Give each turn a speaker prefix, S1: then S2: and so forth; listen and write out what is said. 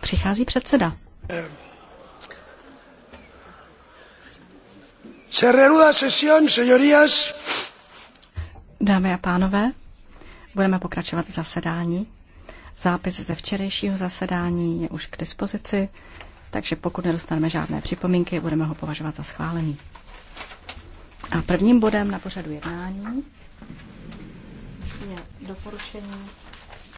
S1: Přichází předseda.
S2: Cerreruda sesión, señorías.
S1: Dámy a
S3: pánové, budeme pokračovat v zasedání. Zápis ze včerejšího zasedání je už k dispozici, takže pokud nedostaneme žádné připomínky, budeme ho považovat za schválený. A prvním bodem na pořadu jednání
S4: je doporučení